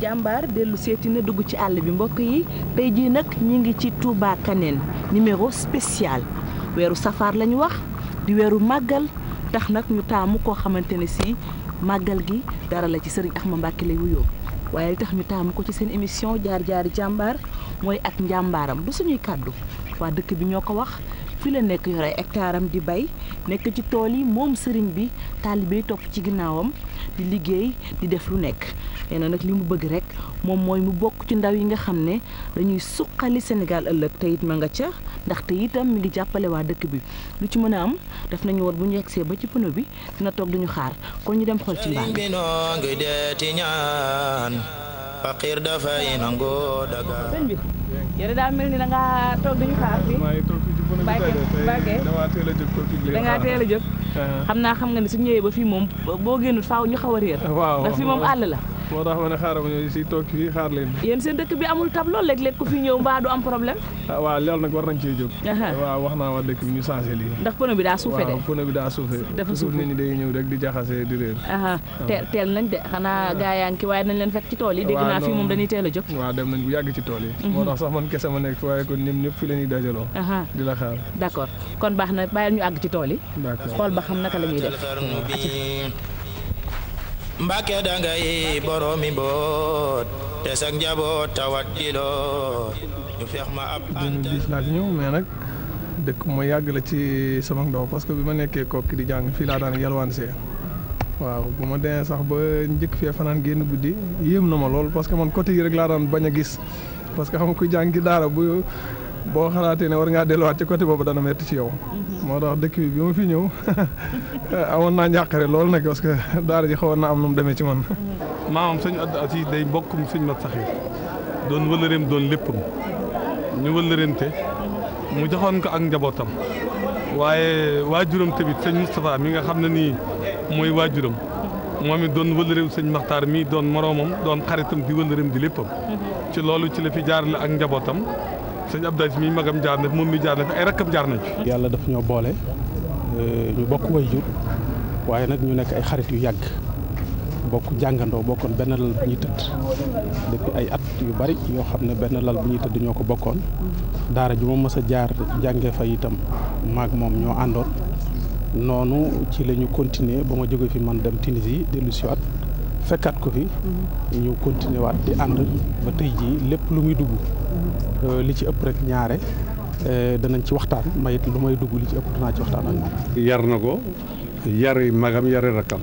jàmbaar dellu seeti na dugg ci àll bi mbokk yi tey jii nag ñi ngi ci Touba Kaneen numéro spécial weeru safaar lañu wax di weeru màggal tax nag ñu taamu koo xamante ne si màggal gi dara la ci sëriñ Axma mbàkki lay wuyoo waaye li tax ñu taamu ko ci seen émission jaar jaari jàmbaar mooy ak njàmbaaram du suñuy kàddu waa dëkk bi ñoo ko wax fi la nekk yore hectare am di bay nekk ci tool yi moom sëriñ bi taalibe topp ci ginnaawam di liggéey di def lu nekk nee nag li mu bëgg rek moom mooy mu bokk ci ndaw yi nga xam ne dañuy suqali senegal ëllëg te it ma nga ca ndaxte itam mu ngi jàppale waa dëkk bi lu ci mën a am daf nañu woon bu ñu yegsee ba ci pneu bi dina toog duñu xaar kon ñu dem xool ci mbaal bi noo ngi deeti xam naa xam nga ne su ñëwee ba fii moom boo génnul faaw ñu xaw a réer ndax fii moom àll la moo tax ma ne xaaral ma ñëw si toog fii xaar leen. yéen seen dëkk bi amul tableau léeg-léeg ku fi ñëw mbaa du am problème. ah waaw nag war nañ cee jóg. waaw wax naa waa dëkk bi ñu changé lii. ndax pono bi daa suufee de. waaw bi daa suufee. dafa suuf nit ñi day ñëw rek di jaxase di réer. Ah. teel teel nañ de xanaa ah. gaa yaa ngi ki waaye nañ leen fekk ci tool yi. dégg naa fii moom dañuy teel a jóg. waaw dem nañ bu yàgg ci tool yi. Mhm. moo tax sax man kese ma nekk waaye kon fi la ñuy dajaloo. kon baax na bàyyil ñu àgg ci tool yi. xool ba xam naka la mbàkke dangay boroomi mboot te sag njaboot tawat di loo ñu feex ma ab antal bis laa mais nag dëkk ma yàgg la ci sama ndaw parce que bi ma nekkee kokki di jàng fii laa daan yalwaan see waaw bu ma demee sax ba njëkk fee fanaan génn guddi yéem na ma lool parce que man côté yi rek laa daan bañ a gis parce que xam nga kuy jàng gi daara bu boo xalaatee ne war ngaa delluwaat ci côté boobu dana metti ci yow. Mhm. moo tax dëkk bi bi ma fi ñëw amoon naa njàqare loolu nag parce que daara ji xawoon na am nu mu demee ci man. Mhm. maamam sëñ Abdou Aziz day mbokkum sëñ Mat Saxir doon wëllëreem doon léppam ñu wëllërente mu joxoon ko ak njabootam waaye waajuram tamit sëñ Moustapha mi nga xam ne nii mooy waajuram moom it doon wëllëreem sëñ Maxtaar mii doon moroomam doon xaritam di wëllëreem di léppam. Mhm. ci loolu ci la fi jaarale ak njabootam. sëñ Abdou Aziz mi magam jaar na fi moom mi jaar na fi ay rakkam jaar nañ yàlla daf ñoo boole euh, ñu bokk way jur waaye nag ñu nekk ay xarit yu yàgg bokk jàngandoo bokkoon benn lal bu ñuy tëdd depuis ay at yu bari yoo xam ne benn lal bu ñuy tëdd ñoo ko bokkoon daara ju ma mës a jaar jànge fa itam maag moom ñoo àndoon noonu ci la ñu continuer ba ma jóge fi man dem Tunisie dellu si waat fekkaat ko fi ñu continuer waat di ànd ba tey jii lépp lu muy dugg euh, li ci ëpp rek ñaare euh, danañ ci waxtaan mayit lu may dugg li ci ëpp danaa ci waxtaan ak yar na ko yari magam yari rakkam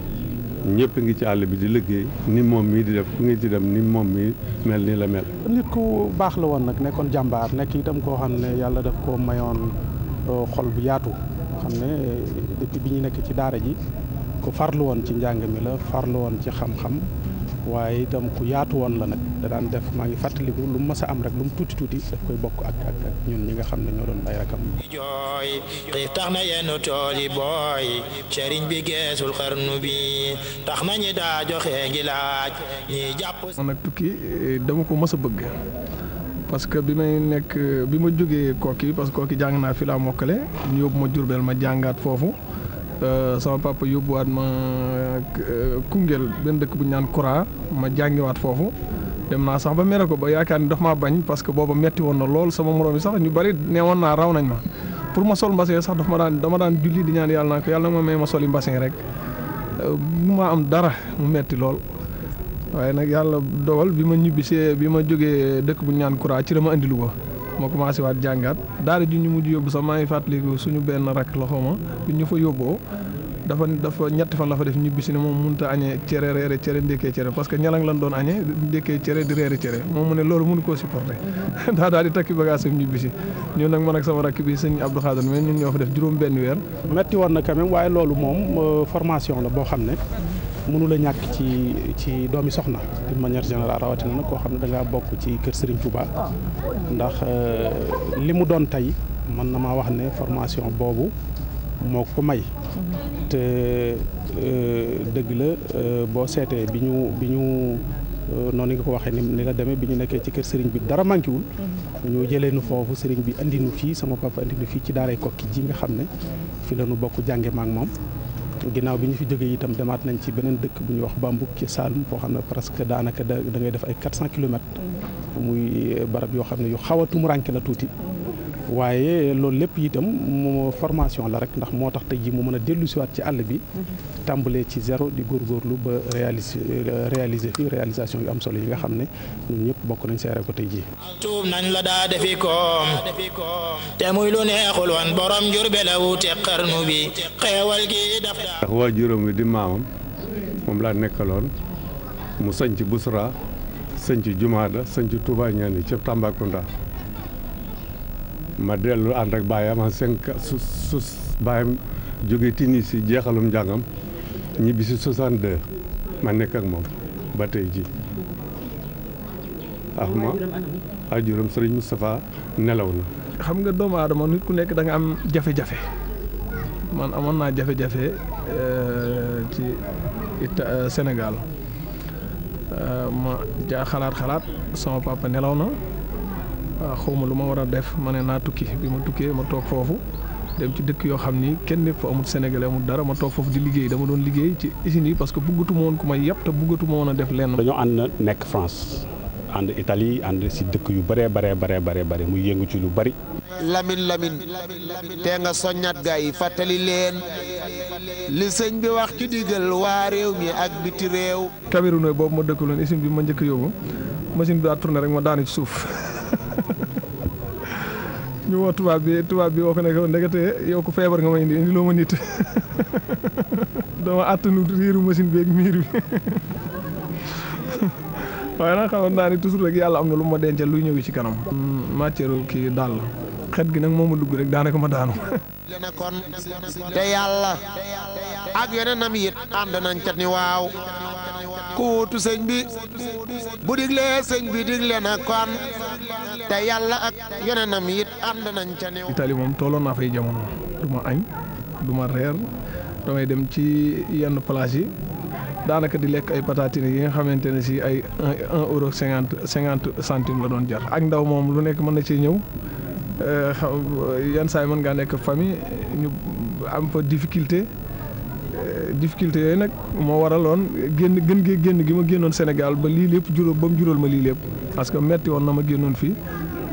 ñëpp ngi ci àll bi di liggéey ni moom mii di def ku ngi ci dem ni moom mii mel nii la mel nit ku baax la woon nag nekkoon jàmbaar nekk dem koo xam ne yàlla def koo mayoon euh, xol bu yaatu xam ne bi ñu nekk ci daara ji ku farlu woon ci njàng mi la farlu woon ci xam-xam waaye itam ku yaatu woon la nag daan def maa ngi fàttaliku lu mu mës a am rek lu mu tuuti tuuti daf bokk ak ñun ñi nga xam ne ñoo doon ay rakam. jooy xiif tax na yenn tax na ñi daa eh, dama ko mës a bëgg parce que bi may nekk bi ma jógee kooki parce que kooki jàng naa fi laa mokkale ñu yóbbu ma Jurbel ma jàngaat foofu. Euh, sama papa yóbbuwaat ma euh, Koungheul benn dëkk bu ñu naan Kura ma jàngiwaat foofu dem naa sax ba mere ko ba yaakaar ni daf maa bañ parce que booba metti woon na lool sama moroom yi sax ñu bari nee naa raw nañ ma pour ma sol mbasin sax daf ma daan dama daan julli di ñaan yàlla naa ko yàlla ma may ma soli mbasin rek euh, bu ma am dara mu metti lool. waaye nag yàlla dogal bi ma ñibbisee bi ma jógee dëkk bu ñaan naan Kura ci la ma andilu ko ma commencé waat jàngaat daara ju ñu mujj yóbbu sax maa ngi fàttaliku suñu benn rakk loxo ma bi ñu fa yóbboo dafa dafa ñetti fan la fa def ñibbi si ne moom mënta añee cere reere cere ndékkee cere parce que ñalang lan doon añee ndékkee cere di reere cere moom mu ne loolu mënu koo supporter daa daal di takki bagage am ñibbi si ñun nag man ak sama rakk bi sëñ Abdou Khadir mais ñun ñoo fa def juróom benn weer. metti woon na quand même waaye loolu moom euh, formation la boo xam ne. mënu la ñàkk ci ci doomi soxna d'une manière générale rawatina nag koo xam ne da bokk ci kër Serigne Touba ndax euh, li mu doon tey mën na maa wax ne formation boobu moo ko may. te euh, dëgg la euh, boo seetee bi ñu bi ñu noonu nga ko waxee ni la demee bi ñu nekkee ci kër Serigne bi dara manqué wul. ñu jëlee nu foofu sëriñ bi andi nu fii sama papa andi nu fii ci daaray kokki ji nga xam ne fi la nu bokk jànge ma moom. ginnaaw bi ñu fi jógee itam demaat nañ ci beneen dëkk bu ñu wax Bambouk ci Saloum foo xam ne presque daanaka dangay ngay def ay cent kilomètres mm. muy barab yoo xam ne yu xaw a tumuranke la tuuti waaye loolu lépp yitam mu formation la rek ndax moo tax tey ji mu mën a dellu siwaat ci àll bi mm-hmm. tàmbalee ci zéro di góor góorgóorlu ba réaliser réaliser fi réalisation yu am solo yi nga xam ne ñun ñëpp bokk nañ seere ko tey ji tuub nañ la daa defi koom te muy lu neexul woon borom jur be la wuute xarnu bi xeewal gi daf ndax waa juróom wi di maamam moom laa nekkaloon mu sañc Busra sañc Jumaada sañc Touba ñaan yi ca Tambacounda ma dellu ànd ak baayam ah, en cinq su su baayam jóge Tunisie jeexalum njàngam ñibbi si 62 ma nekk ak moom ba tey ji ak ah, ma ajuram sëriñ Moustapha nelaw na. xam nga doomu aadama nit ku nekk da am jafe-jafe amoon naa jafe-jafe eh, ci eh, Sénégal eh, ma jaa xalaat xalaat sama papa nelaw na. Ah, xaw ma lu ma war a def ma ne naa tukki bi ma tukkee ma toog foofu dem ci dëkk yoo xam ni kenn nekk fa amul sénégalais amul dara ma toog foofu di liggéey dama doon liggéey ci usine yi parce que buggatu ma woon ku may yàpp te buggatu ma woon a def lenn. dañoo ànd nekk France ànd Italie ànd si dëkk yu bëree bëree bëree bëree bëri muy yëngu ci lu bëri. Lamine Lamine te nga soññat gaa yi fàttali leen li sëñ bi wax ci digal waa réew mi ak biti réew. Cameroun boobu ma dëkkaloon usine bi ma njëkk yóbbu machine bi daa tourné rek ma daanu ci suuf. ñu woo tubaab bi tubaab bi woo ko nekk ndekete yow ku feebar nga ma indi indi ma nit dama àttanu riiru machine bi ak miir bi waaye nag xamoon naa ni toujours rek yàlla am na lu ma dencal luy ñëw ci kanam mm, matière kii daal xet gi nag moom moomu dugg rek daanaka ma daanu li te yàlla ak yeneen am it ànd nañ ca ni waaw ku wuutu sëñ bi bu diglee sëñ bi digle na kon te yàlla ak yonenam it ànd nañ ca néew. Italie moom tooloon naa fay jamono du ma añ du reer damay dem ci yenn place yi daanaka di lekk ay patatine yi nga xamante ne si ay un euro cinquante cinquante centime la doon jar. ak ndaw moom lu nekk mën na ci ñëw. Eh, xam yan saa yi mën ngaa nekk famille ñu am fa difficulté difficulté yooyu nag moo waraloon génn gën génn gi ma génnoon Sénégal ba lii lépp jural ba mu ma lii lépp parce que metti woon na ma génnoon fii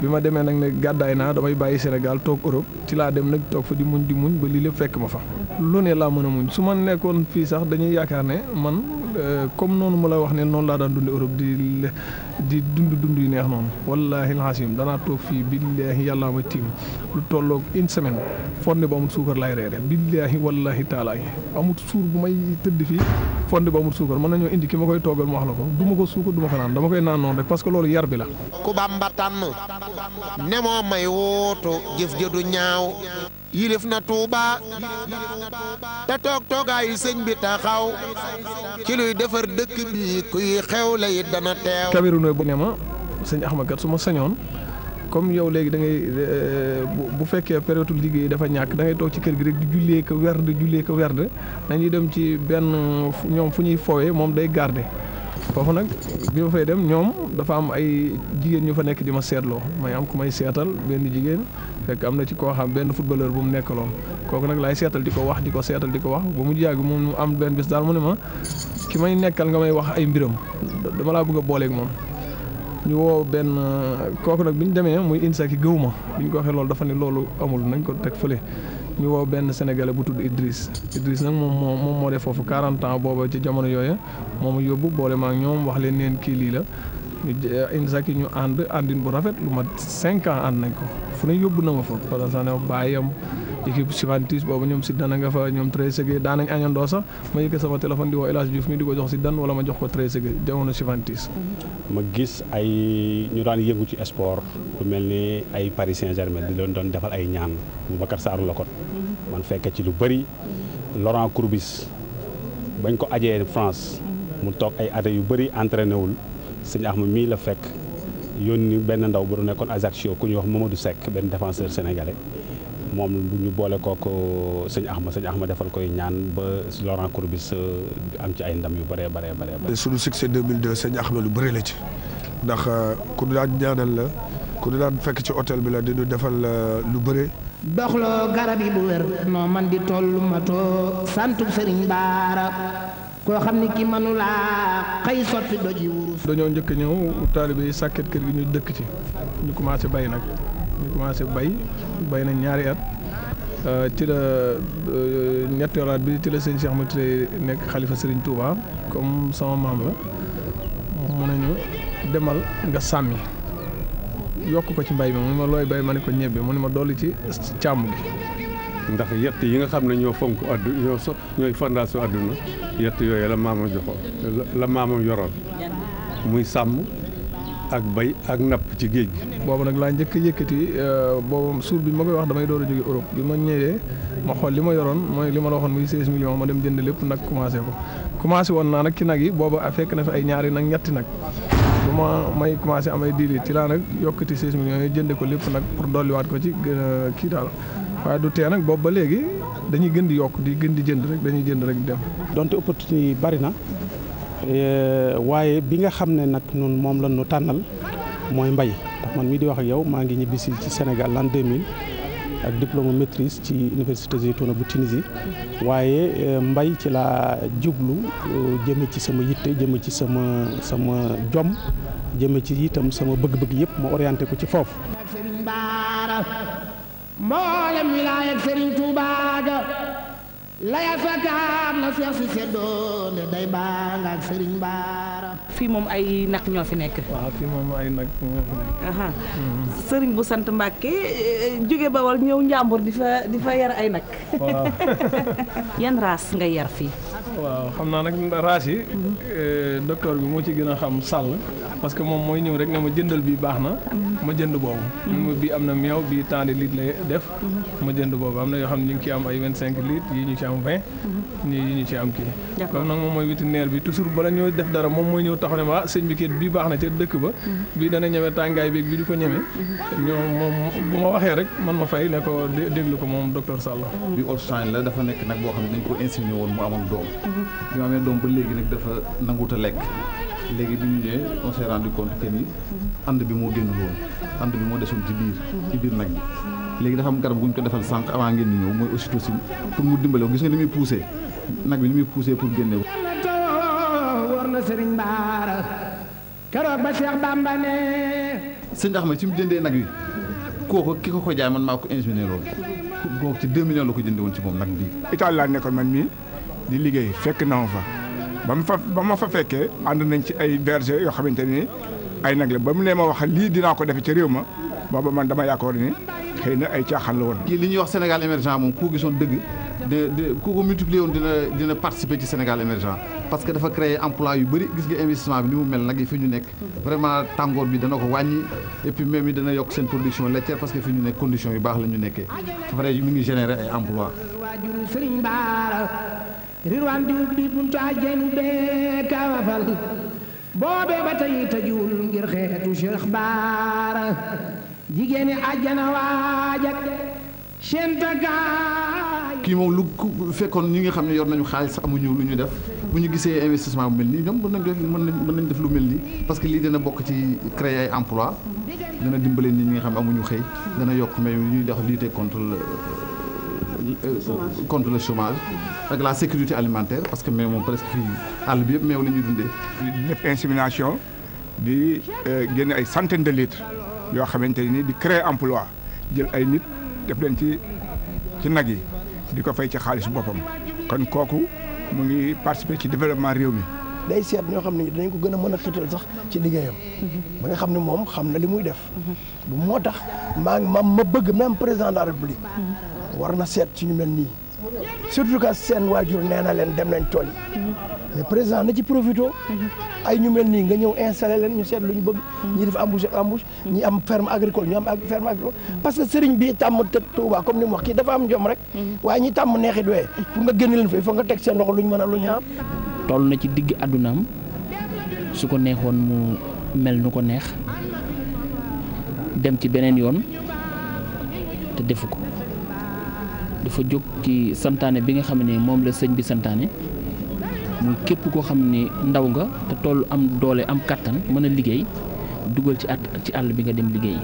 bi ma demee nag ne gàddaay naa damay bàyyi Sénégal toog Europe ci laa dem nag toog fa di muñ di muñ ba lii lépp fekk ma fa. lu ne laa mën a muñ su ma nekkoon fii sax dañuy yaakaar ne man euh, comme noonu ma la wax nee noonu laa daan dund Europe di di dund dund yu neex noonu wallaahi alxasim danaa toog fii billaahi yàllaa ma tiim lu tolloog une semaine fonde bu amut suukar laay reere billaahi wallaahi taalaahi amut suur bu may tëdd fii. fonde bu amul suukar mën nañoo indi ki ma koy toogal mu wax la ko du ma ko suukar du ma ko naan dama koy naan noonu rek parce loolu yar bi la. ku Bàmba tànn ne moo may wootu jëf ñaaw. yilif na Touba te toog toogaayu sëñ bi taxaw ci luy defar dëkk bi kuy xew la it dana teew. Kabirou Ndoye bu ma sëñ Axma kat su ma sañoon. comme yow léegi da ngay euh, bu fekkee période liggéey dafa ñàkk da ngay toog ci kër gi rek di jullee ko werd jullee ko werd nañuy dem ci benn ñoom fu ñuy foowee moom day garder foofu nag bi ma fay dem ñoom dafa am ay jigéen ñu fa nekk di ma seetloo may am ku may seetal benn jigéen fekk am na ci koo xam benn footballeur bu mu nekkaloon kooku nag laay seetal di ko wax di ko seetal di ko wax ba mu jàgg moom mu am benn bis daal mu ne ma ki may nekkal nga may wax ay mbiram dama laa bëgg a booleeg moom. ñu woo benn kooku nag bi ñu demee muy INSA ki gëw ma bi ñu ko waxee loolu dafa ne loolu amul nañ ko teg fële ñu woo benn sénégalais bu tudd Idriss Idriss nag moom moo moom moo def foofu quarante ans booba ci jamono yooya moom yóbbu boole ak ñoom wax leen neen kii lii la. ñu INSA ki ñu ànd àndin bu rafet lu mat 5 ans ànd nañ ko fu ne yóbbu na ma fa par exemple bàyyam équipe Juventus boobu ñoom Zidane nga fa ñoom Trezeguet daan nañ añandoo sax ma yëg sama téléphone di woo El Hadj Diouf mi di ko jox Zidane wala ma jox ko Trezeguet jamono Juventus. ma gis ay ñu daan yëngu ci sport lu mel ni ay Paris Saint-Germain di leen doon defal ay ñaan Boubacar Sarr la ko man fekke ci lu bëri Laurent Courbis bañ ko ajee France mu toog ay at yu bëri entraîné wul sëñ Axma mii la fekk yónni benn ndaw bu nekkoon Ajaccio ku ñuy wax Mamadou Seck benn défenseur sénégalais. moom bu ñu boole kook euh, sëñ ax ma sëñ ax ma defal koy ñaan ba Laurent Courbis euh, am ci ay ndam yu bëree bëree bëree. suñu succès 2002 sëñ Axma lu bëri la ci ndax euh, ku ñu daan ñaanal la ku ñu daan fekk ci hôtel bi la di ñu defal lu bëri. doxloo garab yi bu wér noo man di tollu matoo santub sëriñ baara koo xam ni ki manulaa xëy sotti doji wurus dañoo njëkk ñëw taalibe yi sàkket kër gi ñu dëkk ci ñu commencé bay nag ñu commencé bay bay na ñaari at euh, ci la euh, ñetteelu at bi ci la sëñ Cheikh Mati nekk xalifa Serigne Touba comme sama maam la mu nañu demal nga sàmmi yokk ko ci mbay mi mu ne ma looy bay ma ne ko ñebbe mu ne ma dolli ci càmm gi. ndax yett yi nga xam ne ñoo fonk addu ñoo so ñooy fondation àdduna yett yooyu la maamam joxoon la maamam yoroon muy sàmm ak bay ak napp ci géej gi. boobu nag laa njëkk a yëkkati euh, boobu suur bi ma koy wax damay door a jóge Europe bi ma ñëwee ma xool li ma yoroon mooy li ma la waxoon muy 16 millions ma dem jënd lépp nag commencé ko commencé woon naa nag ci nag yi boobu fekk na fi ay ñaari nag ñetti nag. bu ma may commencé am ay diili ci laa nag yokkati 16 millions yi jënde ko lépp nag pour dolliwaat ko ci kii daal waaye du tee nag boobu ba léegi dañuy gën di yokk di gën di jënd rek dañuy jënd rek dem. Eh, waaye bi nga xam ne nag nun moom la ñu tànnal mooy mbay ndax man mii di wax ak yow maa ngi ñibbisi ci Sénégal l'an 2000 ak diplôme maîtrise ci université Zeytouna bu Tunisie waaye eh, mbay ci laa jublu eh, jëme ci sama yitte jëme ci sama sama jom jëme ci itam sama bëgg-bëgg yëpp ma orienté ko ci foofu mboolem wilaaya ak Serigne Touba laya fakaam la seex si seddoon ne day baa nga sëriñ baara fii moom ay nag ñoo fi nekk waaw fii moom mhm. sëriñ bu sant Mbàkke eh, jóge Bawol ñëw njàmbur di fa di fa yar ay nag waaw yan raas nga yar fii waaw xam naa nag raas yi mhm. eh, docteur bi moo ci gën a xam sàll parce que moom mooy ñëw rek ne ma jëndal bi baax na ma jënd boobu ma mm-hmm. bi am na meew bi tant de litres lay def mm-hmm. ma jënd boobu am na yoo xam ne ñu ngi ci am ay vingt cinq litres yi ñu ci am vingt ñi mm-hmm. yi mooy vétérinaire bi toujours bala ñoo def dara ñëw taxaw ne ma ah, sëñ bi kii na ca dëkk ba bii dana ñeme tàngaay bi bii du ko ñeme ñoom moom bu ma waxee rek man ma fay ne ko déglu ko moom docteur Sall bi Holstein la dafa nekk nag boo xam ne dañ ko inséminé woon mu amoon doom bi ma amee doom ba léegi nag dafa nanguut a lekk léegi bi ñu ñëwee on s'est rendu compte que ni ànd bi moo génn loolu ànd bi moo desoon ci biir ci biir nag bi léegi dafa am garab gu ñu ko defal sànq avant ngeen di ñëw mooy si pour mu dimbale gis nga ni muy poussé nag bi ni muy poussé pour génne war na sëriñ baara keroog ba Cheikh Bamba ne sëñ Axmed ci mu jëndee nag yi kooku ki ko ko jaay man maa ko ingénieur loolu kooku ci deux millions la ko jëndee woon ci moom nag bii Italie laa nekkoon man mii di liggéey fekk na ma fa ba mu fa ba ma fa fekkee ànd nañ ci ay berger yoo xamante ni ay nag la ba mu nee ma wax lii dinaa ko defe ci réew ma booba man dama yaakaar ni xëy na ay caaxaan la woon. kii li ñuy wax Sénégal émergent moom ku gisoon dëgg de ku ko multiplier woon dina dina participer ci Sénégal émergent parce que dafa créer emplois yu bëri gis nga investissement bi ni mu mel nag yi fi ñu nekk. vraiment tàngoor bi dana ko wàññi et puis yi dana yokk seen production laitière fi ñu nekk condition yu baax la nekkee fa pare mi ngi générer ay emploi rirwaan diw bi buntu àjjani bee kawafal boobee ba tey tëjuwul ngir xeetu Cheikh Baara jigéeni àjjana waajak kii moom lu fekkoon ñi nga xam ne yor nañu xaalis amuñu lu ñu def bu ñu gisee investissement bu mel nii ñoom mën nañ def mën nañ def lu mel nii parce que lii dana bokk ci créer ay emploi dana dimbalee nii ñi nga xam ne amuñu xëy dana yokk mais ñuy def lutter contre Euh, contre le chômage la sécurité alimentaire parce que mais moom presque fii àll bi yëpp meew la ñuy dundee. di def insémination di euh, génn ay centaines de litres yoo xamante nii di créer emploi jël ay nit def leen ci ci nag yi di ko fey ci xaalis boppam kon kooku mu ngi participer ci développement réew mi. day seet ñoo xam ne dinañ ko gën a mën a xital sax ci liggéeyam. ba nga xam ne moom xam na li muy def. moo tax maa ma ma bëgg même président de la war na seet ci ñu mel nii surtout que seen waajur nee na leen dem nañ tool yi mais président na ci profité ay ñu mel nii nga ñëw installé leen ñu seet lu ñu bëgg ñi def embouche am ferme agricole ñu am ferme agricole parce que sëriñ bi tàmm tëg Touba comme ni mu wax kii dafa am jom rek waaye ñi tàmm neexit wee pour nga génn leen fa il faut nga teg seen loxo lu ñu mën a lu ñu am toll na ci digg àddunaam su ko neexoon mu mel nu ko neex dem ci beneen yoon te defu dafa jóg ci santaane bi nga xam ne moom la sëñ bi santaane muy képp koo xam ne ndaw nga te toll am doole am kàttan mën a liggéey dugal ci at ci àll bi nga dem liggéey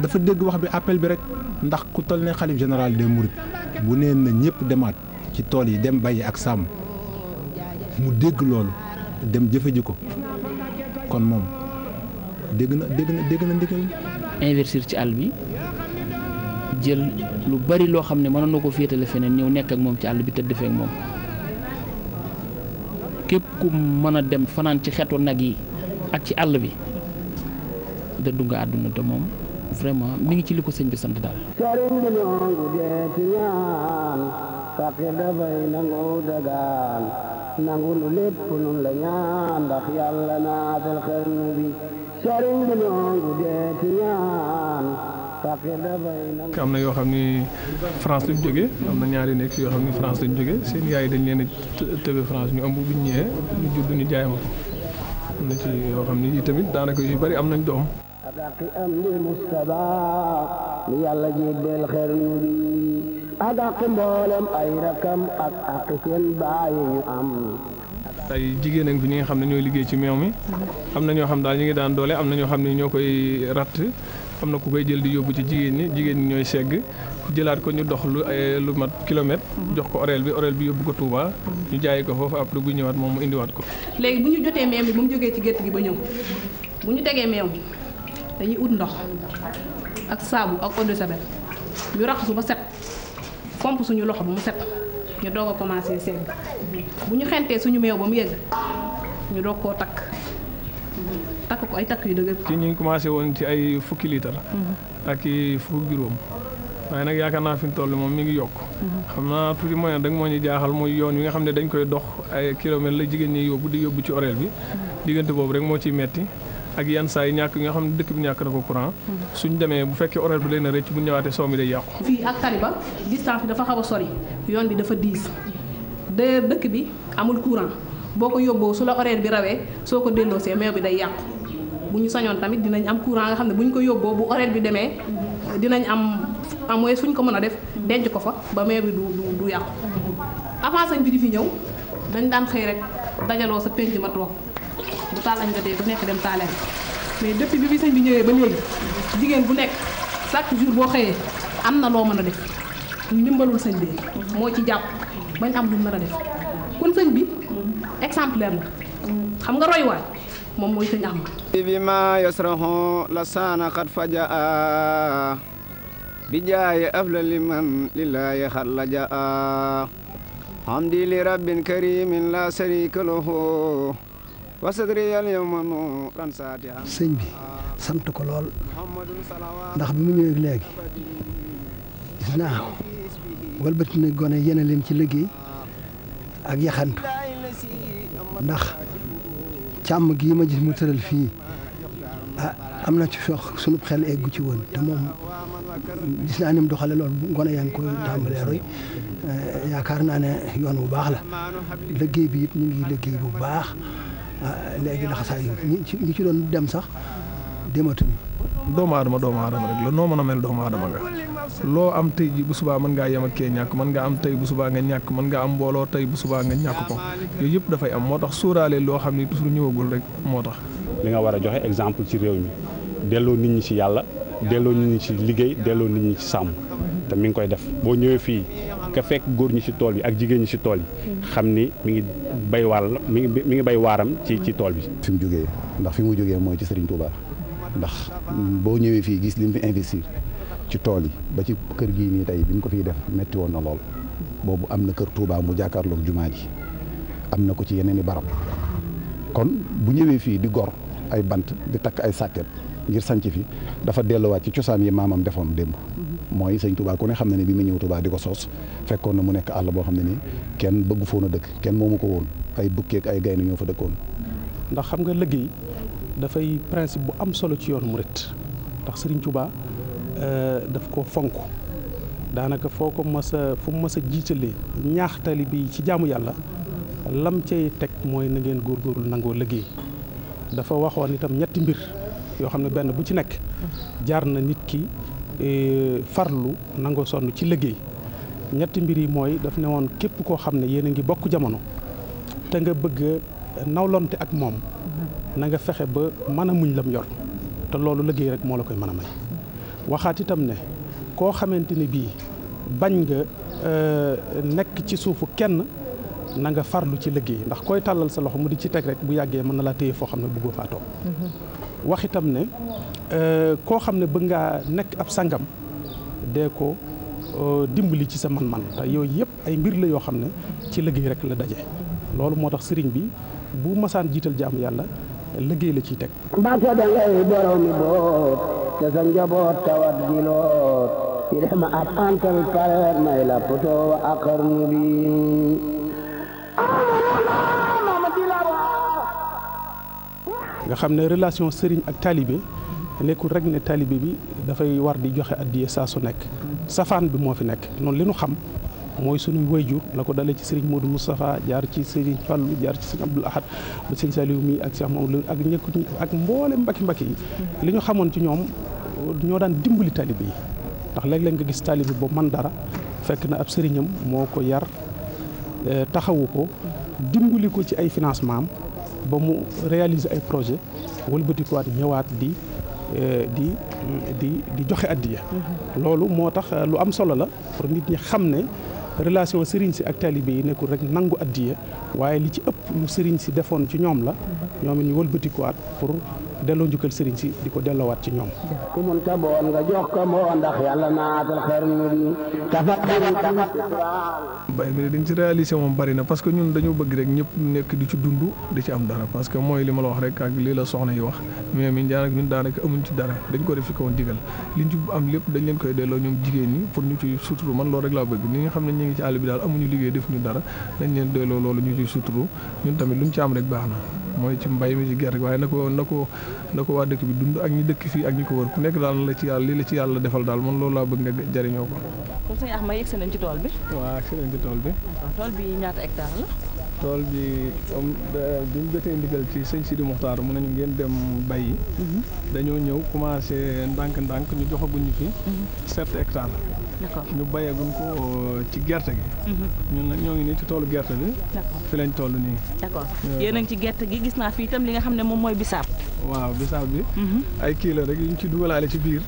dafa dégg wax bi appel bi rek ndax ku toll ne xalif général des mourides bu neen na ñëpp demaat ci tool yi dem bàyyi ak sàmm mu dégg loolu dem jëfe ko kon moom dégg na dégg na dégg na ndigal investir ci àll bi jël lu bari loo xam ne mënoon na ko féetale feneen ñëw nekk ak moom ci àll bi tëdd feek moom képp ku mën a dem fanaan ci xetu nag yi ak ci àll bi dëddu nga àdduna te moom vraiment ngi ci li ko sëñ bi sant daal. faqir dafay nangu dagaan nangu lu lépp nun la ñaan ndax yàlla naatal xarnu bi sëriñ bi nongu dee ci ñaan am na yoo xam ni France lañ jógee am na ñaari nekk yoo xam ni France lañ jógee seen yaay dañ leen a tëbe France ñu ëmb bu ñu ñëwee ñu judd ñu jaay ma yoo xam ni tamit daanaka yu bari am nañ doom. ay rakam ak ak seen baay ñu am ay jigéen fi ñi nga xam ne ñooy liggéey ci meew mi am na ñoo xam daal ñu ngi daan doole am na ñoo xam ne ñoo koy ratt am na ku koy jël di yóbbu ci jigéen ñi jigéen ñi ñooy segg jëlaat ko ñu dox lu lu mat kilomètre. Mm-hmm. jox ko orel bi orel bi yóbbu ko Touba. ñu jaayi ko foofu après bu ñëwaat moom mu indiwaat ko. léegi bu ñu jotee meew bi ba mu jógee ci gétt gi ba ñëw bu ñu degee meew mi dañuy ut ndox ak saabu ak eau de javel ñu raxasu ba set pomp suñu loxo ba mu set ñu doog a commencé segg mm-hmm. bu ñu xentee suñu meew ba mu yegg ñu doog koo takk. takk ko ay takk yu dëgër. ci ñu ngi commencé woon ci ay fukki litre. Mhm. ak i fukki juróom. waaye nag yaakaar naa fi mu toll moom mi ngi yokk mhm. xam naa tuuti mooy nag moo ñu jaaxal mooy yoon yi nga xam ne dañ koy dox ay kilomètres la jigéen ñi yóbbu di yóbbu ci oreel bi mhm. diggante boobu rek moo ciy metti ak yan saa yi ñàkk yi nga xam ne dëkk bi ñàkk na ko courant suñu demee bu fekkee oreel bi lay na rëcc bu ñëwaatee soow mi day yàqu fii ak taliba distance bi dafa xaw a sori yoon bi dafa diis de dëkk bi amul courant boo ko yóbboo su la oreel bi rawee soo ko delloosee meew bi day yàqu bu ñu sañoon tamit dinañ am courant nga xam ne bu ñu ko yóbboo bu horaire bi demee dinañ am am mooy suñ ko mën a def denc ko fa ba meer bi du du yàqu avant sañ bi di fi ñëw dañ daan xëy rek dajaloo sa penc ma toog bu taal añ dee ku nekk dem taalee mais depuis bi fi sañ bi ñëwee ba léegi jigéen bu nekk chaque jour boo xëyee am na loo mën a def ndimbalul sëñ bi moo ci jàpp bañ am lu mën a def kon sëñ bi mm-hmm. exemplaire la xam nga roy waay moom mooy sëñ Ahmad bi ma yasrahu la saana qad fajaa bi jaaye aflali man lillaahi xat la jaa hamdi li rabbin karimin la sharika lahu wasadriyal yawma nuran saatiha sëñ bi sant ko lool ndax bi mu ñëwee léegi gis naa walbati na gone yéene ci liggéey ak yaxantu ndax càmm gii ma gis mu tëral fii ah am na ci sox sunu xel gu ci woon te moom gis naa ni mu doxale loolu gone yaa ngi koy tàmbalee roy eh, yaakaar naa ne yoon bu baax la liggéey bi it ñu ngi liggéey bu baax ah, léegi laxasaay ñi ci doon dem sax dematuñu doomu aadama doomu aadama rek la noo mën mel doomu aadama nga loo am tey ji bu subaa mën ngaa yem kee ñàkk mën nga am tey bu subaa nga ñàkk mën ngaa am mbooloo tey bu subaa nga ñàkk ko yooyu yëpp dafay am moo tax sóoraale loo xam ni toujours ñëwagul rek moo tax. li nga war a joxe exemple ci réew mi delloo nit ñi ci yàlla delloo nit ñi ci liggéey delloo nit ñi ci sàmm te mi ngi koy def boo ñëwee fii ka fekk góor ñi ci tool bi ak jigéen ñi ci tool yi xam ni mi ngi bay wàll mi ngi mi ngi bay waaram ci ci tool bi. fi mu jógee ndax fi mu jógee mooy ci Serigne Touba ndax boo ñëwee fii gis li fi investir ci tool yi ba ci kër gii nii tey bi ñu ko fiy def metti woon na lool boobu am na kër tuubaa mu jàkkaarloog jumaa ji am na ko ci yeneen i barab kon bu ñëwee fii di gor ay bant di takk ay sàkket ngir sanc fi dafa delluwaat ci cosaan yi maamam defoon démb mooy sëñ Touba ku ne xam na ne bi mu ñëw Touba di ko soos fekkoon na mu nekk àll boo xam ne ni kenn bëggu foon a dëkk kenn moomu ko woon ay bukkeek ay gaynde ñoo fa dëkkoon ndax xam nga liggéey dafay principe bu am solo ci yoonu murit ndax sëriñ Touba Euh, daf ko fonk daanaka foo ko mës a fu mu mës a jiitalee ñaax bi ci jaamu yàlla lam cay teg mooy na góor góorgóorlu nangoo liggéey dafa waxoon itam ñetti mbir yoo xam ne benn bu ci nekk jaar na nit ki e, farlu nangoo sonn ci liggéey ñetti mbir yi mooy daf ne woon képp koo xam ne yéen a ngi bokk jamono te nga bëgg nawlonte ak moom mhm. na nga fexe ba mën a muñ lam yor te loolu liggéey rek moo la koy mën a may waxaat itam ne koo xamante ni bii bañ nga euh, nekk ci suufu kenn na nga farlu ci liggéey ndax koy tàllal sa loxo mu di ci teg rek bu yàggee mën na laa téye foo xam ne bëggoo faa toog mm-hmm. wax itam ne euh, koo xam ne bëgg ngaa nekk ab sangam dee ko euh, dimbali ci sa man-man te yooyu yëpp ay mbir la yoo xam ne ci liggéey rek la daje loolu moo tax sëriñ bi bu masaan jiital jaamu yàlla liggéey la ciy teg. te sa njaboot tawat xam ne relation sëriñ ak taalibe nekkul rek ne taalibe bi dafay war di joxe addiye saa su nekk safaan bi moo fi nekk noonu li nu xam mooy suñu wayjur la ko dalee ci sëriñ Modou Moustapha jaar ci sëriñ Fallou jaar ci sëriñ Abdoul Ahad ba sëriñ Saliou mi ak Cheikh Mamadou ak ñëkk ak mboole mbaki mbaki yi li ñu xamoon ci ñoom ñoo daan dimbali taalibe yi ndax léeg-léeg nga gis taalibe boobu man dara fekk na ab sëriñam moo ko yar eh, taxawu ko dimbali ko ci ay financement am ba mu réaliser ay projet wëlbatikuwaat ñëwaat di eh, di di di joxe addiya mhm. loolu moo tax eh, lu am solo la pour nit ñi xam ne relation sëriñ si ak taalibe yi nekkul rek nangu addiya waaye li ci ëpp lu sëriñ si defoon ci ñoom la mhm. ñoom it wëlbatikuwaat pour delloo njukkal sëriñ si di ko delloowaat ci ñoom ku mun ka boon nga jox ko moo ndax yàlla naatal xer mi tafa ci réalisé moom bari na parce que ñun dañu bëgg rek ñëpp nekk di ci dund di ci am dara parce que mooy li ma la wax rek ak lii la soxna yi wax mais mi daanaka ñun daanaka amuñ ci dara dañ ko def ci kaw ndigal liñ ci lépp dañ leen koy delloo ñoom jigéen ñi pour ñu ciy suturu man loolu rek laa bëgg ñi nga ne ñu ngi ci àll bi daal amuñu liggéey def ñu dara dañ leen delloo loolu ñu ciy suturu ñun tamit ci am rek baax na mooy ci mbay mi ci gerte waaye na ko na ko na ko waa dëkk bi dund ak ñi dëkk fii ak ñi ko wër ku nekk daal la ci yàlla li la ci yàlla defal daal man loolu laa bëgg nga jëriñoo ko. kon sëñ Axma yegg nañ ci tool bi. waaw yegg nañ ci tool bi. tool bi ñaata hectare la. tool bi comme bi ñu ci sëñ Sidi Muxtaar mu nañu ngeen dem bay mhm. dañoo ñëw commencé ndànk-ndànk ñu joxaguñu fi. Mhm. sept hectares. d'accord ñu bayeeguñ ko euh, ci gerte gi. Mhm. ñun nag ñoo ngi nii ci toolu gerte bi. fi lañ toll nii. d'accord yéen a ngi ci gerte gi gis naa fii itam li nga xam ne moom mooy bisaab. waaw bisaab bi. Mhm. ay kii la rek yuñ ci dugalaale ci biir.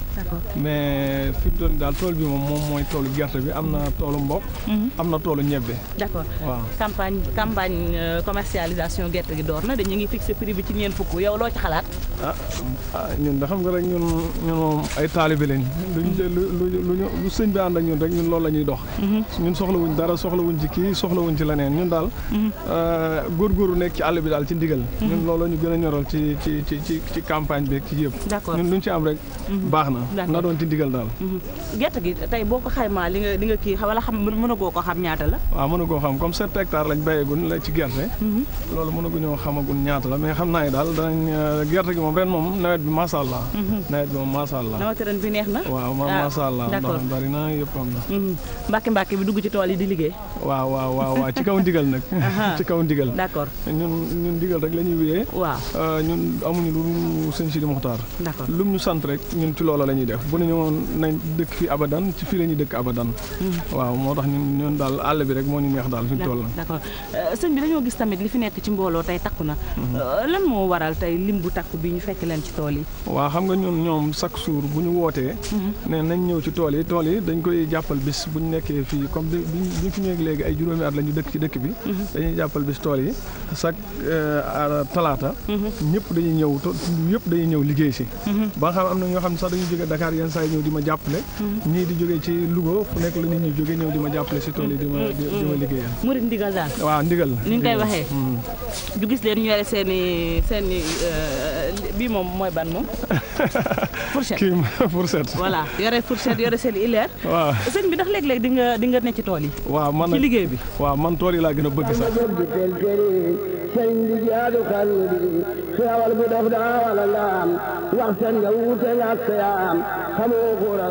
mais fi mu doon daal tool bi moom moom mooy toolu gerte bi am na toolu mboq. Mhm. am na toolu ñebbe. d'accord waaw campagne campagne euh, commercialisation gerte gi door na dañu ngi fixé prix bi ci ñeent fukk yow loo ci xalaat. ah, ah ñun da xam nga rek ñun ñun moom ànd ak ñun rek ñun loolu la ñuy dox mhm. ñun soxlawuñ dara soxlawuñ ci kii soxlawuñ ci leneen ñun daal mhm. euh, góorgóorlu nekk ci àll bi daal ci ndigal mhm. ñun loolu ñu gën a ñoral ci ci ci ci ci campagne bi ci yëpp ñun luñ ci am rek baax na na doon ci ndigal daal gerte gi tey boo ko xaymaa li nga li nga kii wala xam mënagoo ko xam ñaata la waaw mënagoo xam comme sept hectares lañ bàyyeegun la ci gerte loolu a xamagun ñaata la mais xam naa ne daal danañ euh, moyens yëpp am na. mbàkk mhm. mbàkk bi dugg ci tool yi di liggéey. waaw waaw waaw waaw ci kaw ndigal nag. ci kaw ndigal. d'accord ñun ñun rek la ñuy wuyee. waaw euh, ñun amuñu lu sëñ Sidi Mokhtar. d'accord lu ñu sant rek ñun ci loolu la ñuy def bu ne ñëwoon nañ dëkk fi abadan ci fii la ñuy dëkk abadan. Mhm. waaw moo tax ñun ñun daal àll bi rek moo ñu neex daal fi tool la. d'accord euh, sëñ bi dañoo gis tamit li fi nekk ci mbooloo tey takku na. Mhm. Euh, lan moo waral tey lim bu takku bi ñu fekk leen ci tool yi. waaw xam nga ñun ñoom chaque jour bu ñu wootee. ne nañ ñëw ci tool yi tool yi dañ koy jàppal bis bu ñu nekkee fii comme bi ñu fi ñëwee léegi ay juróomi at la ñu dëkk ci dëkk bi. Mhm. dañuy jàppal bis tool yi chaque euh, talaata. Mhm. ñëpp dañuy ñëw yëpp dañuy ñëw liggéey si. Mhm. ba nga xam am na ñoo xam ne sax dañuy jógee Dakar yenn saa ñëw di ma jàppale. ñii di jógee ci Louga fu nekk la nit ñi jógee ñëw di ma jàppale si tool yi di ma di ma liggéeyal. murit ndigal daal. waaw ndigal la ni ñu koy waxee. ñu gis leen ñu yore seen i seen i euh, bii moom mooy ban moom. fourchette kii fourchette. voilà yore fourchette yore seen ileer. waaw sëñ bi ndax léeg-léeg di nga ne ci tool yi. waa man ci liggéey bi. waaw man tool yi laa gën a bëgg sax.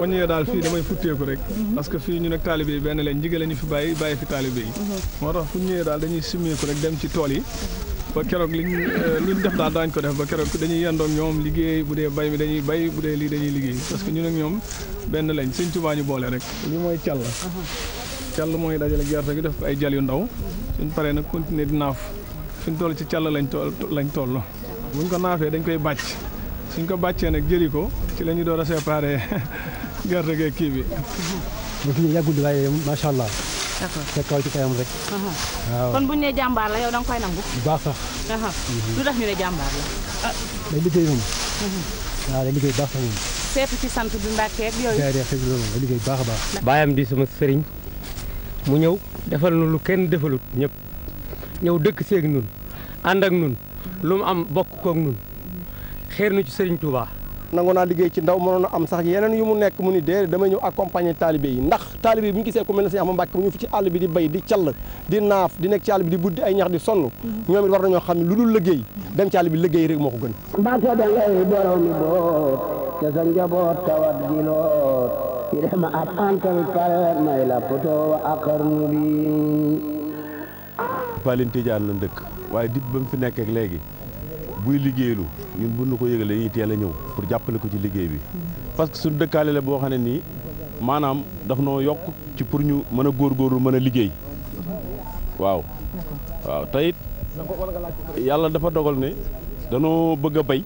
ba ñëwee daal fii damay futteeku rek. Mhm. parce que fii ñu nekk taalibe yi benn lañ njigale ñu fi bàyyi bàyyi fi taalibe yi. Mhm. moo tax fu ñëwee daal dañuy simmeeku rek dem ci tool yi. Mhm. ba keroog liñ euh, luñ def daal daañ ko def ba keroog dañuy yendoog ñoom liggéey bu dee bay mi dañuy bay bu dee lii dañuy liggéey parce que ñu ak ñoom benn lañ sëñ Tuubaa ñu boole rek li mooy càll càll mooy dajale gerte gi def ay jal yu ndaw suñ paree nag continuer di naaf fu ñu toll ci càll lañ toll lañ toll buñ ko naafee dañ koy bàcc suñ ko bàccee nag jëri ko ci la ñu door a séparé gerte gi kii bi. ba fi ñu yàggul waaye macha allah. d'accord ca kaw ci kayam rek. kon bu ñu nee jàmbaar la yow da koy nangu. bu baax sax. Mhm. lu tax ñu ne jàmbaar la. Ah. day liggéey moom. Mhm. waaw day liggéey baax sax moom. seetu ci sant bi Mbàkke ak yooyu. jaay liggéey baax a baax. baayam di sama sëriñ mu ñëw defal nu lu kenn defalut ñëpp ñëw dëkk seeg nun ànd ak nun lu mu am bokk koog nun xeer nu ci sëriñ tuubaa nangu naa liggéey ci ndaw mënoon a am sax yeneen yu mu nekk mu ni dee damay ñëw accompagner taalibe yi ndax taalibe yi bu ñu gisee ku mel ne Sëñ Ahmadu Mbàkke mu ñu fi ci àll bi di bay di call di naaf di nekk ci àll bi di buddi ay ñax di sonn ñoom it war nañoo xam ne lu dul liggéey dem ci àll bi liggéey rek moo ko gën mbàkke da ngay borom boot te sa njaboot tawat gi yi dema ab antal pare may la poto ak xarnu bi Faline la dëkk waaye dib ba mu fi léegi buy liggéeylu ñun bu nu ko yëgalee dañuy teel a ñëw pour jàppale ko ci liggéey bi parce que suñu dëkkaale boo xam ne nii maanaam daf noo yokk ci pour ñu mën a góor góorul mën a liggéey waaw waaw te it yàlla dafa dogal ne danoo bëgg a bay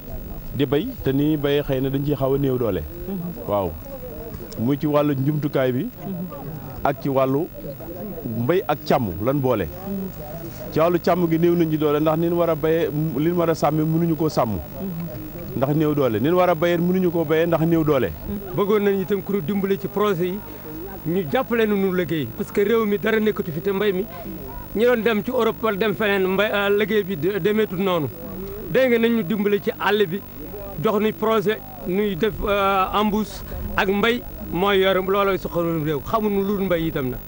di bay te ni bay xëy na dañ ciy xaw a néew doole mm-hmm. waaw muy ci wàllu njumtukaay bi ak ci wàllu mbéy ak càmm lan boole ci wàllu càmm gi néew nañ ci doole ndax nin war a béyee li war a sàmmee mënuñu koo sàmm ndax néew doole nin war a béyee mënuñu koo béyee ndax néew doole bëggoon nañ itam ku dimbale ci projet yi ñu jàppale nu nu liggéey parce que réew mi dara nekkatu fi te mbay mi ñu doon dem ci Europe wala dem feneen mbay euh, liggéey bi demeetul noonu dégg nga nañ ñu ci àll bi jox nuy projet nuy def euh, embouche ak mbay mooy yor loolooy suqalum réew xamuñu lu mbay itam nag.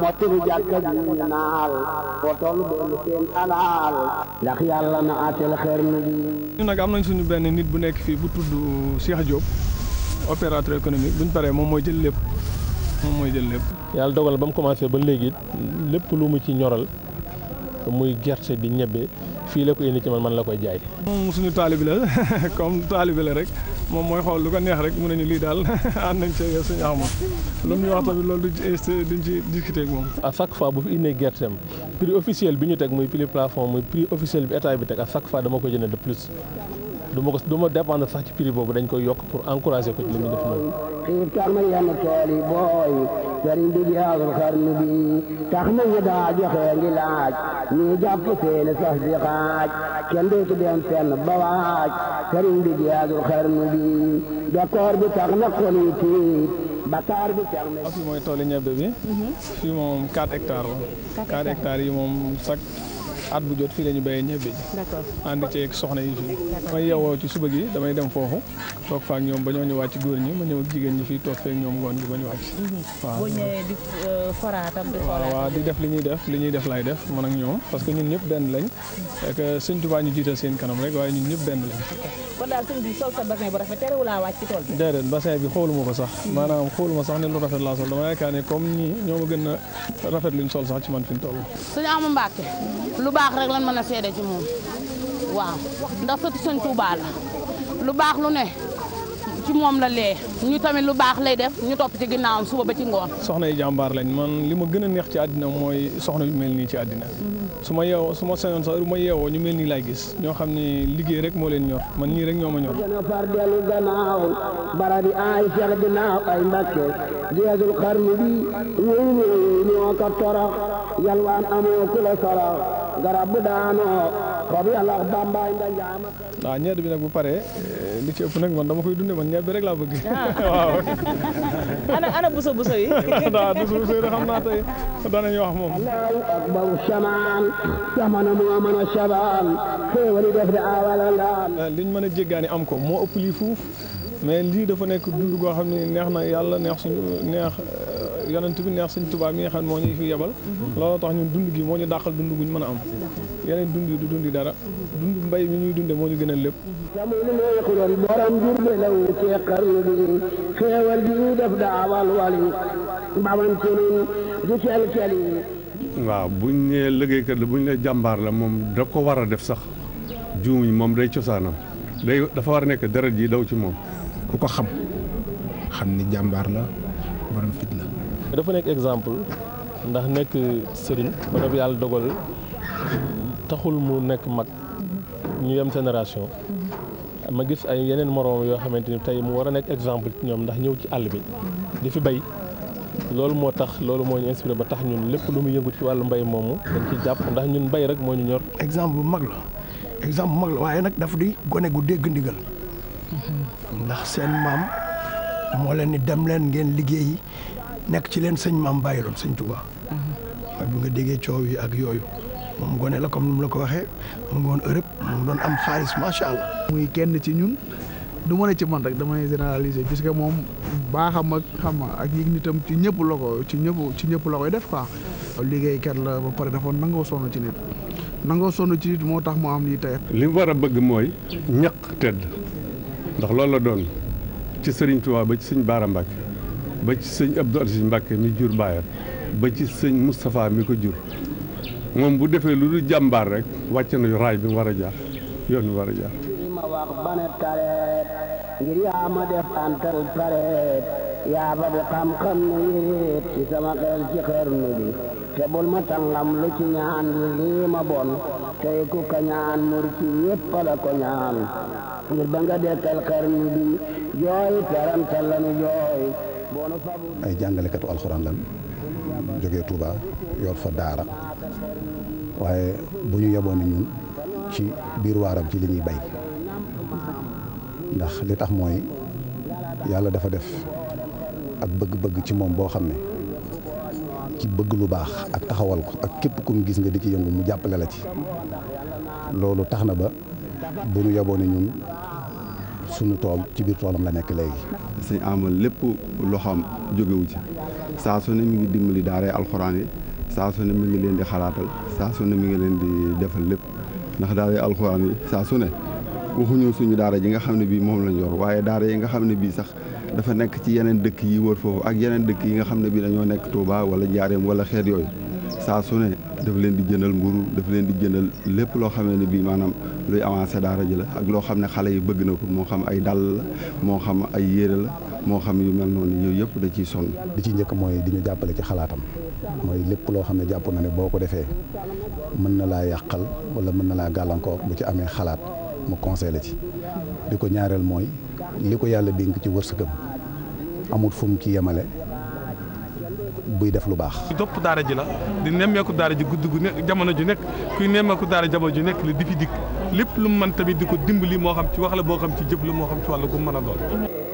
mottali jàkka ji ñu naal wotool boolu seen alaal ndax yàlla na atel xeer na ñu nag am nañ suñu benn nit bu nekk fii bu tudd uh, Cheikh Diop opérateur économique buñ paree moom mooy jël lépp moom mooy jël lépp. yàlla dogal ba mu commencé ba léegi lépp lu mu ci ñoral. muy gerte bi ñebbe fii la ko indi ci man man la koy jaay. moom suñu taalibi la comme taalibi la rek moom mooy xool lu ko neex rek mun ñu lii daal ànd nañ cee suñu xamam lu mu wax tamit loolu duñ ci discuter ak moom. à chaque fois bu fi indee gerteem prix officiel bi ñu teg muy prix plafond muy prix officiel bi état bi teg à chaque fois dama ko jënd de plus. du ko du ma dépendre sax ci prix boobu dañ koy yokk pour encourager ko ci li muy def moom. xiif tax ma yenn tool yi booy sëriñ bi jaasul xarnu bi tax ma ñu daa joxe ngi laaj ñii jàpp seeni sax di xaaj kenn dootu dem fenn ba waaj sëriñ bi jaasul xarnu bi d'accord bi tax na xol tiit bakaar bi tax na. fii mooy toolu ñebe bi. Mhm. fii moom 4 hectares la. 4 hectares yi moom chaque. at bu jot fii la ñu béyee ñebe ji ànd ceeg soxna yi fii may yowoo ci suba gi damay dem foofu toog faak ñoom ba ñoo ñu wàcc góor ñi ma ñëw jigéen ñi fii toog feek ñoom ngoon gi ba ñu wàcc mhm. euh, waaw waaw di def li ñuy def li ñuy def lay def man ak ñoom parce que ñun ñëpp benn lañ ak sëñ Tuubaa ñu jiital seen kanam waaye ñun ñëpp benn lañ bi a wàcc ci tool bi déedéet bassin xooluma ko sax mhm. maanaam xooluma sax ne lu rafet laa sol dama yaakaar ne comme ñii ñoo ma gën a rafet luñ sol sax ci man fi mu toll baax rek lan mën a seede ci moom waaw ndax sëtu sëñ Tuubaa la lu baax lu ne ci moom la lee ñu tamit lu baax lay def ñu topp ci ginnaawam suba ci ngoon. soxna yi jàmbaar lañ man li ma gën a neex ci àddina mooy soxna yu mel ci àddina mhm. su ma yeewoo su ma sañoon ma yeewoo ñu mel nii laay gis ñoo xam ne liggéey rek moo leen ñor man nii rek ñoo ma ñor. a far dellu gannaaw barab yi ginnaaw ay ku la sorox garab bu daanoo xob yàlla bambaay nga njaama waaw bi nag bu paree eh, li ci ëpp nag man dama koy dunde man ñeer bi rek laa bëgg ah. waaw ana ana buso buso daa buso buso yi xam naa tey danañu wax moom allahu akbar samaan samana moo mën a sabaan xéewali def di awala laan eh, liñ mën a jéggaani am ko moo ëpp lii fuuf mais lii dafa nekk dund goo xam ne neex na yàlla neex suñu neex eh, yonent bi neex sëñ tubaab mi nga xam ne moo ñu fi yebal mhm. looloo tax ñun dund gi moo ñu dàqal dund guñ mën a am yeneen dund yi du yi dara dund mbay mi ñuy dunde moo ñu gënal lépp samul mee xuram borom jur de law ci xarnu bi ñu def daawal wali baman ci buñ ne jàmbaar la moom da ko war a def sax ñi moom day cosaanam day dafa war a nekk deret ji daw ci moom ku ko xam xam ni jàmbaar la borom fit la dafa nekk exemple ndax nekk sëriñ ba def yàlla dogal taxul mu nekk mag ñu yem génération ma gis ay yeneen moroom yoo xamante ni tey mu war a nekk exemple ci ñoom ndax ñëw ci àll bi di fi bay loolu moo tax loolu moo ñu inspiré ba tax ñun lépp lu mu yëngu ci wàllu mbay moomu dañ ci jàpp ndax ñun mbay rek moo ñu ñor. exemple bu mag la exemple bu mag la waaye nag daf di gone gu dégg ndigal mhm. ndax seen maam moo leen ni dem leen ngeen liggéeyi nekk ci leen sëñ maam bàyyiloon sëñ Touba. waaye mhm. bi nga déggee coow yi ak yooyu moom gone la comme ni mu la ko waxee mu ngi woon mu doon am xaalis macha muy kenn ci ñun du ma ne ci man rek damay généraliser puisque moom baaxam ak xam ak yëg nitam ci ñëpp la ko ci ñëpp ci ñëpp la koy def quoi. liggéeykat la ba pare dafa nangoo sonn ci nit nangoo sonn ci nit moo tax mu am lii tey. li war a bëgg mooy ñaq tedd ndax loolu la doon ci sëriñ Touba ba ci Serigne Bara Mbacké ba ci sëñ Abdou Aziz Mbacke mi jur baayam ba ci sëñ Moustapha mi ko jur moom bu defee lu dul jàmbaar rek wàcc nañu raay bi war a jaar yoon bi war a jaar. ma wax ba ne tareet ngir yaa ma def antal pareet yaa ba bu xam-xam nu yéet ci sama xel ci xërnu bi te ma tàngam lu ci ñaan lii ma bon tey ku ñaan mur ci yépp la ko ñaan ngir ba nga dekkal xërnu bi jooy terantal la jooy ay jàngalekatu alxuraan lan jógee Touba yor fa daara waaye bu ñu yeboon ni ñun ci biir waaram ci li ñuy bay ndax li tax mooy yàlla dafa def ak bëgg-bëgg ci moom boo xam ne ci bëgg lu baax ak taxawal ko ak képp kum gis nga di ci yëngu mu jàppale la ci loolu tax na ba bu ñu yeboon ni ñun suñu tool ci biir toolam la nekk léegi. sëñ Ama lépp loxoom jógewu ci saa su ne mi ngi dimbali daaree alxuraan yi saa su ne mi ngi leen di xalaatal saa su mi ngi leen di defal lépp ndax daaree alxuraan yi saa su ne waxuñu suñu daara ji nga xam ne bii moom lañ yor waaye daara yi nga xam ne bii sax dafa nekk ci yeneen dëkk yi wër foofu ak yeneen dëkk yi nga xam ne bii dañoo nekk tuubaa wala Njaareem wala xeet yooyu. saa su ne daf leen di jëndal mburu daf leen di jëndal lépp loo xamee ne bii maanaam luy avancé daara ji la ak loo xam ne xale yi bëgg na ko moo xam ay dàll la moo xam ay yére la moo xam yu mel noonu yooyu yëpp da ciy sonn. li ci njëkk mooy di ñu jàppale ci xalaatam mooy lépp loo xam ne jàpp na ne boo ko defee mën na laa yàqal wala mën na laa gàllankoor bu ci amee xalaat mu conseil la ci di ko ñaareel mooy li ko yàlla nga ci wërsëgam amul fu mu ci yemale. buy def lu baax. di dopp daara ji la di nemmeeku daara ji gudd gu ne jamono ju nekk kuy nemmeeku daara jamono ji nekk la di fi dikk lépp lu man tamit di ko dimbali moo xam ci wax la boo xam ci jëf la moo xam ci wàllu gu mën a doon.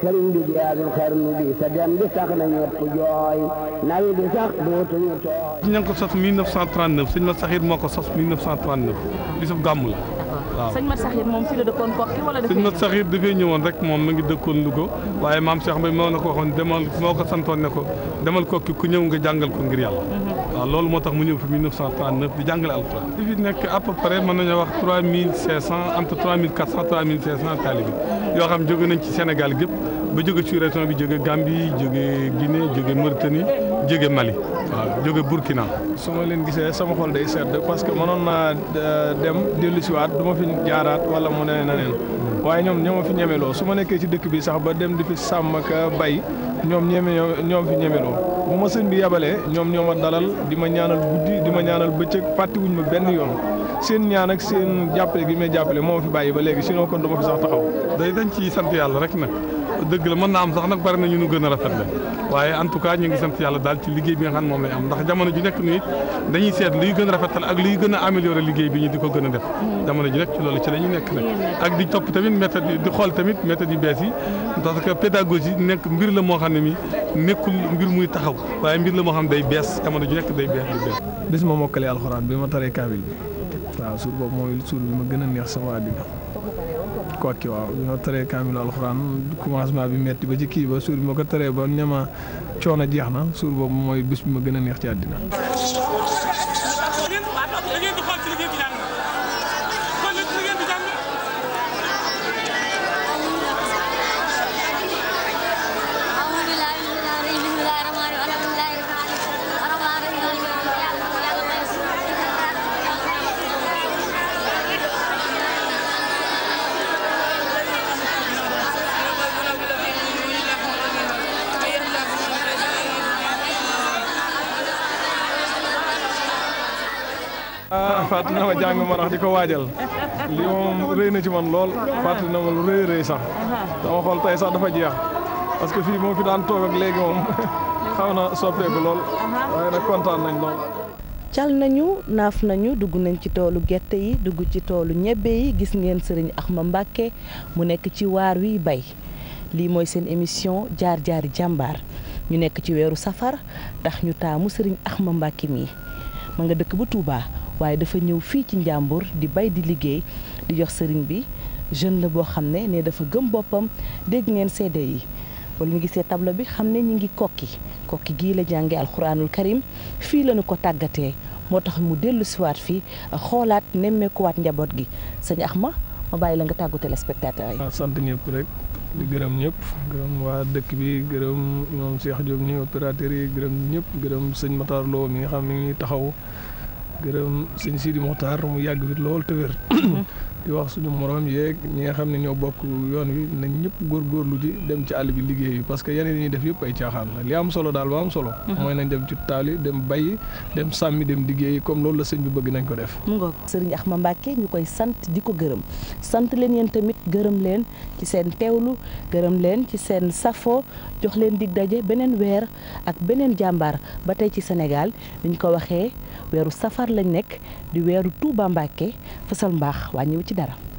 sëriñ bi jaagul xarnu bi sa dem bi sax na ñëpp jooy nawi bi sax dootuñu tooy. ña ngi ko sos 1939 sëñ saxiir moo ko sos 1939 bisub gàmmu la. sëñ Mat Saxir moom fii la dëkkoon kokki wala sëñ ñëwoon rek moom mu ngi dëkkoon Louga waaye maam Cheikh Mbaye moo na ko waxoon demal ko santoon ne ko demal kokki ku ñëw nga jàngal ko ngir yàlla mhm. waaw loolu moo tax mu ñëw fi 1939 di jàngale alxuraan di fi nekk à peu près mën nañoo wax 3500 entre 3400 3500 taalibi yoo xam jóge nañ ci Sénégal gépp ba jóge ci région bi jóge Gambie jóge Guinée jóge Mauritanie jóge Mali waaw jóge Burkina. su ma leen gisee sama xol day sedd parce que mënoon naa euh, dem dellu siwaat du ma fi jaaraat wala mu ne na neen hmm. waaye ñoom ñoo ma fi ñemeloo su ma nekkee ci dëkk bi sax ba dem di fi sàmm ka euh, bay ñoom ñeme ñoom fi ñemeloo bu ma sëñ bi yabalee ñoom ñoo ma dalal di ma ñaanal guddi di ma ñaanal bëccëg fàttiwuñ ma benn yoon seen ñaan ak seen jàppale bi may jàppale moo fi bàyyi ba léegi si sinon kon du ma fi sax taxaw. day dañ ci sant yàlla rek nag. dëgg la mën naa am sax nag bari na ñu nu gën a rafet la waaye en cas ñu ngi sant yàlla daal ci liggéey bi nga xam moom lay am ndax jamono ju nekk nii dañuy seet luy gën a rafetal ak luy gën a améliorer liggéey bi ñu di ko gën a def jamono ju nekk ci ñu nekk nag ak di topp tamit méthode di xool tamit méthode yu bees yi parce que pédagogie nekk mbir la moo xam ne mi nekkul mbir muy taxaw waaye mbir la moo xam day bees jamono ju nekk day bees di bees bis ma mokkalee alxuraan bi ma taree kaamil bi boobu mooy suur bi ma gën a neex sama àddina kokki waaw ñoo tëree kaamil alxuraan commencement bi metti ba ci kii ba suur bi ma ko tëree ba ne ma coono jeex na suur boobu mooy bis bi ma gën a neex ci dina fàttali na ma jàng ma rax di ko waajal lii moom rëy na ci man lool fàttali na ma lu rëy rëy sax dama xool tey sax dafa jeex parce que fii moo fi daan toog ak léegi moom xaw na soppeeku lool waaye nag kontaan nañ lool. cal nañu naaf nañu dugg nañ ci toolu gerte yi dugg ci toolu ñebbe yi gis ngeen sëriñ ax ma Mbàkke mu nekk ci waar wi bay lii mooy seen émission jaar jaari jàmbaar ñu nekk ci weeru safar ndax ñu taamu sëriñ ax ma Mbàkke mii ma nga dëkk bu Tuubaa waaye dafa ñëw fii ci njàmbur di bay di liggéey di jox sëriñ bi jeune la boo xam ne ne dafa gëm boppam dégg ngeen CD yi wala ñu gisee table bi xam ne ñu ngi kokki kokki gii la jànge alxuraanul karim fii lañu ko tàggatee moo tax mu dellu siwaat fii xoolaat nemmeekuwaat njaboot gi sëñ ax ma bàyyi la nga tàggu téléspectateur yi. waaw ah, sant ñëpp rek di gërëm ñëpp gërëm waa dëkk bi gërëm ñoom Cheikh Diop ni opérateur yi gërëm ñëpp gërëm sëñ Matar Lo mi nga xam ne ñuy taxaw. gërëm sëñ Sidi Mokhtar mu yàgg fi lool te wér. Mm-hmm. di wax suñu moroom yeeg ñi nga xam ne ñoo bokk yoon wi nañ ñëpp góorgóorlu ji dem ci àll bi liggéey yi parce que yeneen yi ñuy def yëpp ay caaxaan la li am solo daal ba am solo mhm. mooy nañ dem ci taal dem bayi dem sàmmi dem liggéey comme loolu la sëñ bi bëgg nañ ko def mu ngoog sëriñ Axma Mbàkke ñu koy sant di ko gërëm sant leen yéen tamit gërëm leen ci seen teewlu gërëm leen ci seen safo jox leen di daje beneen weer ak beneen jàmbaar ba tey ci Sénégal niñ ko waxee weeru safar lañ nekk di weeru Tuuba ci dara